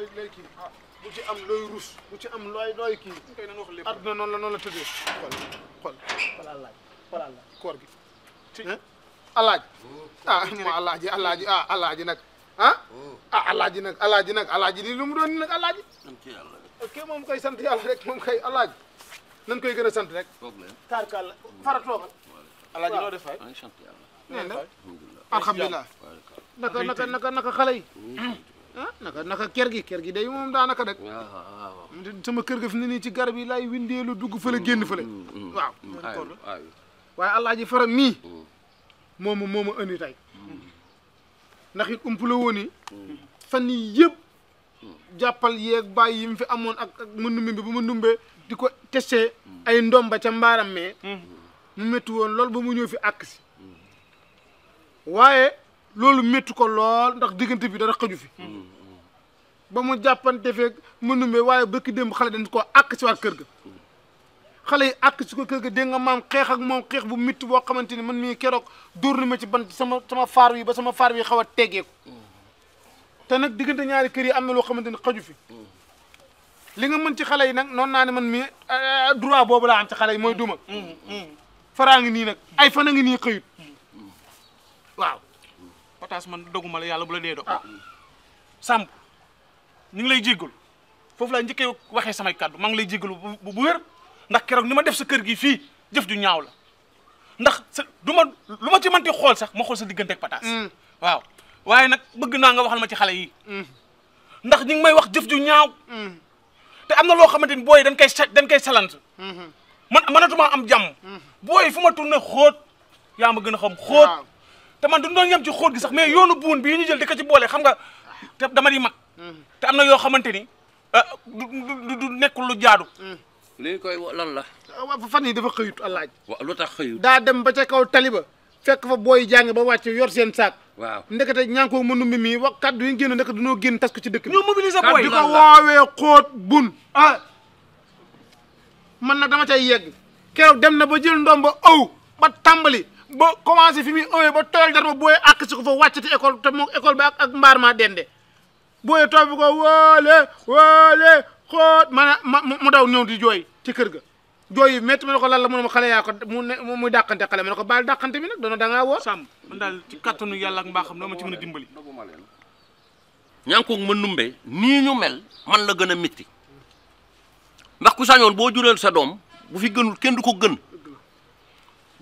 looy looy kii ah, bu ci am looy rus bu ci am looy looy kii adduna noonu la noonu la tëddee xool xool xoolal laaj xoolal laaj koor gi ci alaaji ah mo alaaji alaaji ah alaaji nag ah ah alaaji nag alaaji nag alaaji li lu mu doon nag alaaji ok moom kay sant yàlla rek moom koy alaaji nan koy gën a sant rek taarkal fara toogal alaaji loo def fay sant yàlla nee na alhamdulilah naka naka naka naka xale yi ah naka naka kër gi kër gi day moom daanaka nag. Ah, ah, ah, waaw sama kër ga fi ne nii ci garab yi laay windeelu dugg fële mm, génn fële. Mm, mm, waaw moom waaye alaaji fara mii. moomu moomu indi tey. ndax it fan yii yëpp. jàppal yeeg bàyyi yi mu fi amoon ak ak mu numbe bi di ko testé ay ndomba ca mbaaram mais. mu métti woon loolu ba mu ñëw fi àkk waaye. loolu métti ko lool ndax diggante bi dara xëju fi ba mu jàppante feeg mu numee waaye bëkki démb xale dañ koo àkk si waat kër ga xale yi àkk si ko kër ga dégg nga maam xeex moom xeex bu métti boo xamante ni man mii keroog dóor na ma ci ban sama sama faar wi ba sama faar wi xaw a teggeeku te nag diggante ñaari kër yi am na loo xamante ni xëju fi li nga mën ci xale yi nag noonu naa ne man mii euh, droit boobu laa am ci xale yi mooy duma mm, mm, mm. faraa ngi nii nag ay fan a ngi nii xëyut otage man doguma la yàlla bu la dee dog ah. Samb ñu ngi lay jéggalu foofu laa njëkkee waxee samay kàddu maa ngi lay jéggalu bu bu wér ndax keroog ni ma def sa kër gi fii jëf ju ñaaw la ndax sa duma lu ma ci man mënti xool sax ma xool sa diggante ak pataas mm. waaw waaye nag bëgg naa nga wax waxal ma ci xale yi mm. ndax ñu may wax jëf ju ñaaw mm. te am na loo xamante ni booy dañ koy dañ koy salant mm-hmm. man mënatuma am jàmm booy fu ma tourné xóot yaa ma gën a xam xóot te man duñ doon yem ci xóot gi sax mais yoonu buun bi ñu jël di ko ci boole xam nga te dama di mag te na yoo xamante ni ah, du du nekkul lu jaadu lii koy lan la ah, fan dafa xëyut alaaj waaw lu tax xëyut daa dem ba ca kaw taliba fekk fa booy jàng ba wàcc yor seen saak waaw ndekete ñankoo mënu mi mii wax kàddu yi génn ndekete dañoo génn tas ko ci dëkk bi ñoo mobiliser booy di ko woowee xóot bun ah man na dama cay yegg keroog dem na ba jël ndoom ba aw ba tàmbali boo commencé fi muy ëwee ba tooyal dar ma booyee àq si ko fa wàccati école te école ba ak mbaar maa dende booyee toog bi ko woole woole xoot ma ne mu daw ñëw di jooy ci kër ga jooy yi métti ma ne ko lan la mu ne ma xale yaa ko mu ne muy dàqante xale ma ne ko baal dàqante bi nag dana da ngaa woo sàmm man ci kattanu yàlla ak mbaaxam doo ma ci mën a dimbali ñaankoog ma numbe nii ñu mel man la gën a métti ndax ku sañoon boo jureel sa doom bu fi gënul kenn du ko gën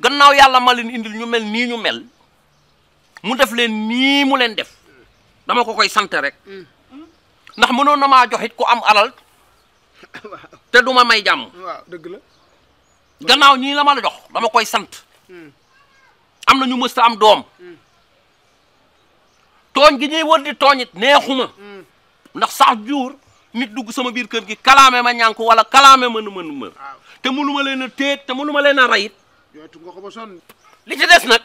gannaaw yàlla ma leen indil ñu mel nii ñu mel mu def leen nii mu leen def dama ko koy sant rek mm. ndax mënoon na maa joxit ko am alal te duma may jàmm. la. gannaaw ñii la ma la jox dama koy sant. Mm. am na ñu mës a am doom. Mm. tooñ gi ñuy wër di tooñit neexuma. ndax sax jur ni dugg sama biir kër gi kalaame ma ñànku wala kalaame ma nu ma nu ma te mënu ma leen a téet te mënu ma leen a rayit jooytu nga li ci des nag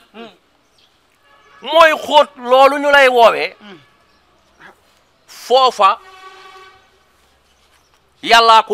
mooy xóot loolu ñu lay woowee foofa yàllaa ko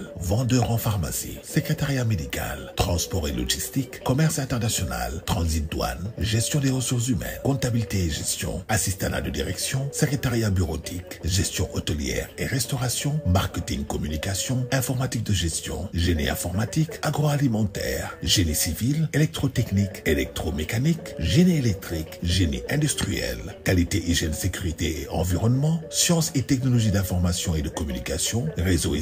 médical, vendeur en pharmacie, secrétariat médical, transport et logistique, commerce international, transit douane, gestion des ressources humaines, comptabilité et gestion, assistanat de direction, secrétariat bureautique, gestion hôtelière et restauration, marketing communication, informatique de gestion, génie informatique, agroalimentaire, génie civil, électrotechnique, électromécanique, génie électrique, génie industriel, qualité, hygiène, sécurité et environnement, de communication, réseau et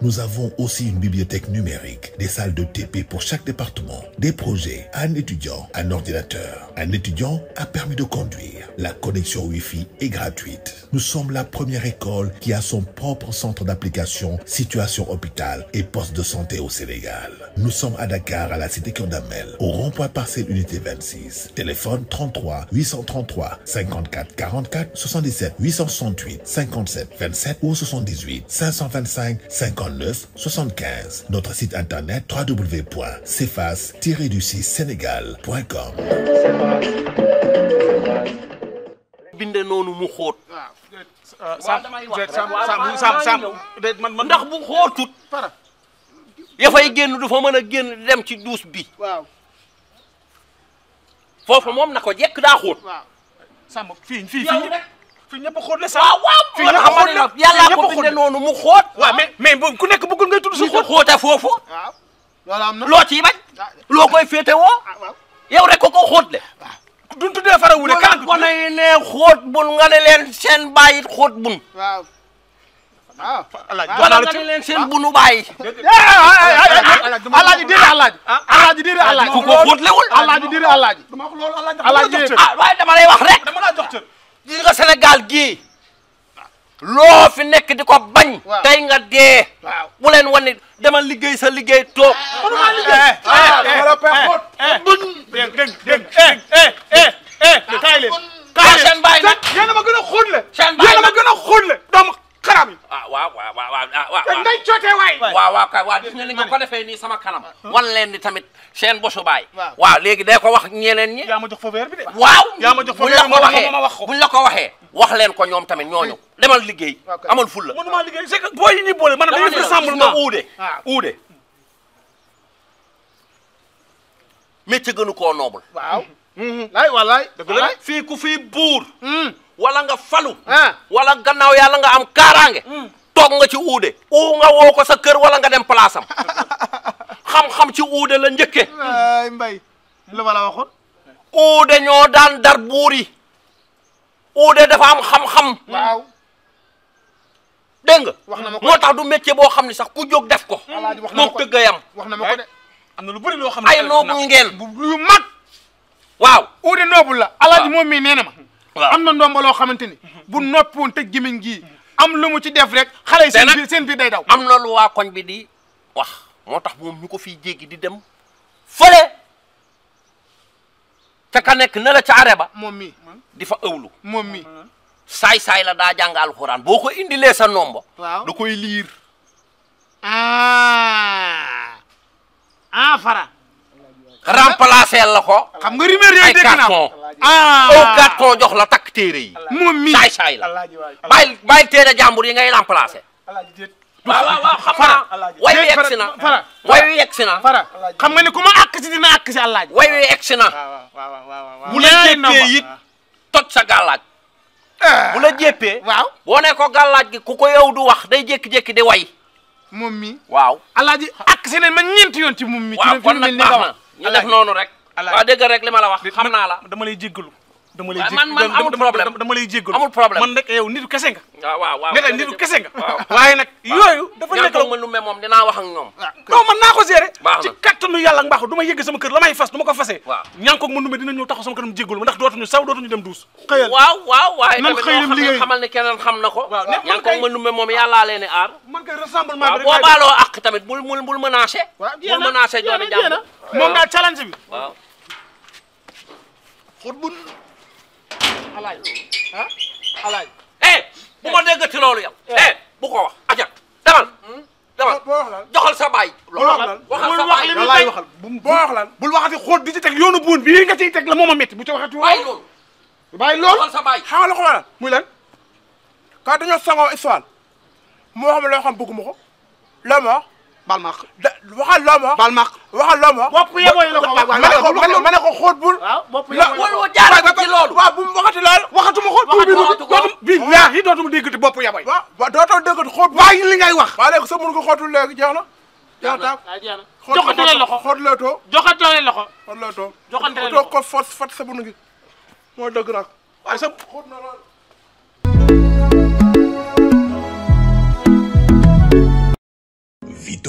Nous avons aussi une bibliothèque numérique, des salles de TP pour chaque département, des projets, un étudiant, un ordinateur, un La connexion Wi-Fi est gratuite. Nous sommes la première école qui a son propre de santé au Sénégal. Nous sommes à Dakar, à la cité Kondamel, au rond-point parcelle unité 26. Téléphone 109 75. Notre site internet www.cefas-du6sénégal.com. binde noonu mu xóot. waaw man ndax bu xóotut. yafay génn du fa mën a génn dem ci duus bi. waaw. foofu moom na ko jekk daa xóot. waaw sàmm fii fii fii. fii ñëpp a xóot la sax. waaw waaw moo tax ma ne la yàlla ko bindee noonu mu xóot. waaw mais mais ku nekk bëggul ngay tudd si xóot. xóota foofu. waaw loolu am na loo ciy bañ. Ah. loo koy féetewoo. Ah, yow rek ko ko xóot le. waaw ah. duñ tuddee fara wuure. kan kon yi ne xóot bun nga ne leen seen bàyyi xóot bun. waaw. ah alaaji leen seen bunu bàyyi. alaaji déedéet alaaji. alaaji déedéet alaaji. ku ko xóotlewul. alaaji déedéet alaaji. dama wax loolu alaaji. alaaji déedéet ah waaye dama lay wax rek. dama la jox loo fi nekk di ko bañ. tey nga dee. bu leen wan ni dama liggéey sa liggéey toog. waaw waaw dégg seen bàyyi nag yéen a ma gën a xóotle. seen bàyyi nag yéen a ma gën ah, waaw waaw waaw waaw. Ah, te ngay jotee waay. waaw waaw waaw ko defee sama kanam. wan leen tamit seen bosu baay. waaw léegi day ko wax ñeneen ñi. yaa ma jox fa waaw yaa ma jox ma wax ko buñ la ko waxee. wax leen ko ñoom tamit ñooñu demal liggéey. amal ful la que booy yi ñuy boole maanaam dañuy rassemblement uude uude métier gënu koo noble. waaw. Mhm. laay walaay dëgg fii ku fii buur. Hmm. wala nga falu. Ah. wala gannaaw yàlla nga am kaaraange. Hmm. toog nga ci uude. uu nga woo ko sa kër wala nga dem place am. xam ci uude la njëkke ma la waxoon. uude ñoo daan dar buur yi. uude dafa am xam dégg nga wax na ma moo tax du métier boo xam ne sax ku jóg def ko moom tëgg a yam wax na ma ko de lu bëri loo xam ne ay noobul ngeen lu mag waaw uude noobul la alaaji moom mii nee na ma am na ndomba loo xamante ni bu noppi woon tëj gémmiñ gii am lu mu ci def rek xale seen biir seen daw am na lu waa koñ bi di wax moo tax moom ñu ko fi jéggi di dem fële ca ka nekk na la ca are ba moom mi di fa ëwlu moom mii saay-saay la daa jàng alxuraan boo ko indilee sa nomba. waaw da koy liir. ah, ah la ko. xam nga rumeur yooyu ah. jox la takk téere yi. moom mii saay-saay la bàyyi bàyyi téere jàmbur yi ngay remplacer. way wi egsi na way wi egsi na fara nga ne ku ma dina àkk si àllaaji bu la jéppee. waaw boo ko gàllaaj gi ku ko yow du wax day jékki-jékki di way. moom mi waaw. alaaji ak seneen ma ñeenti yoon ci moom mi. ci la fi mu mel ni nga waaw kon nag baax na ñu def noonu rek. alaaji waaw dégg rek li ma la wax xam naa la dama lay jéggalu. dama lay man man amul problème dama lay jéggal amul problème man nag yow nitu kese nga ah, dafa nekk la mën lu me moom dinaa wax ak ñoom ah, non man naa ko gérer ci kattanu du ma yëgg sama kër la fas du ma ko fasee ñangi koog mën dina ñëw taxaw sama këram jéggal ma ndax dootuñu saw dootuñu dem duus waaw waaw waaye nan xëyal xamal ne keneen xam na ko ñangi koog mën nu me moom yàllaa leen aar man kay rassemblement tamit bul bul bul menacé bul menacé joomi jàmm moom alaaj ah alaaj eh bu ma dégg ci loolu yow eh bu ko wax a demal demal joxal sa baay waxal sa baay walaay waxal boo wax lan bul waxati xóot di ci teg yoonu buun bii nga ciy teg la a métti bu ci waxati bàyyi loolu bàyyi loolu joxal sa baay xamal ko lan muy lan ka dañoo sangoo histoire moo xam loo xam bëgguma ko loo ma wax bal ma waxal loo ma wax bal ma waxal loo ma wax bopp yeboy la ko wax ma ne ko ma ne ko xóot bul yi dootuma déggati bopp yabay. waaw waaw dootoo déggati xool. li ngay wax. waaw léegi sa mën nga xootul léegi jeex na. jeex na waaw jeex na joxante leen loxo xool loxo joxante leen loxo. loxo joxante moo dëgg nag waaye sa xool na lool.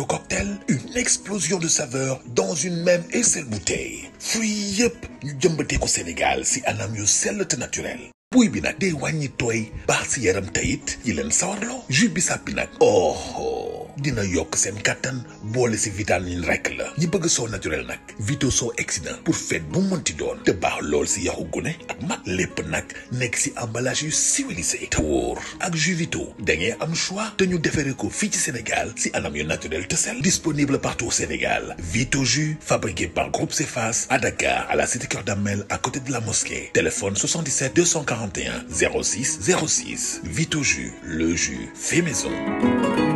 cocktail une explosion de saveurs dans une même et bouteille fruits ñu jëmbatee ko Sénégal si anam yu sell te naturel buy bi nag day wàññi tooy baax si yaram tayit yi leen sawarloo jus bi sàppi nag oh, oh. dina yokk seen katan boole si vitamine rek la ñi bëgg soo naturel nag vito soo exsident pour fête bu mënti doon lool si yaxu gune ak mag nag nekk si emballage yu civilisé te wóor ak jus vito da ngeen am choix te ñu defaree ko fii ci Sénégal si anam yu naturel te sell disponible partout Sénégal vito jus fabriqué par Groupe Cefas à Dakar à la cité Keur Damel à côté de la mosquée téléphone 77 241 06 le jus fait maison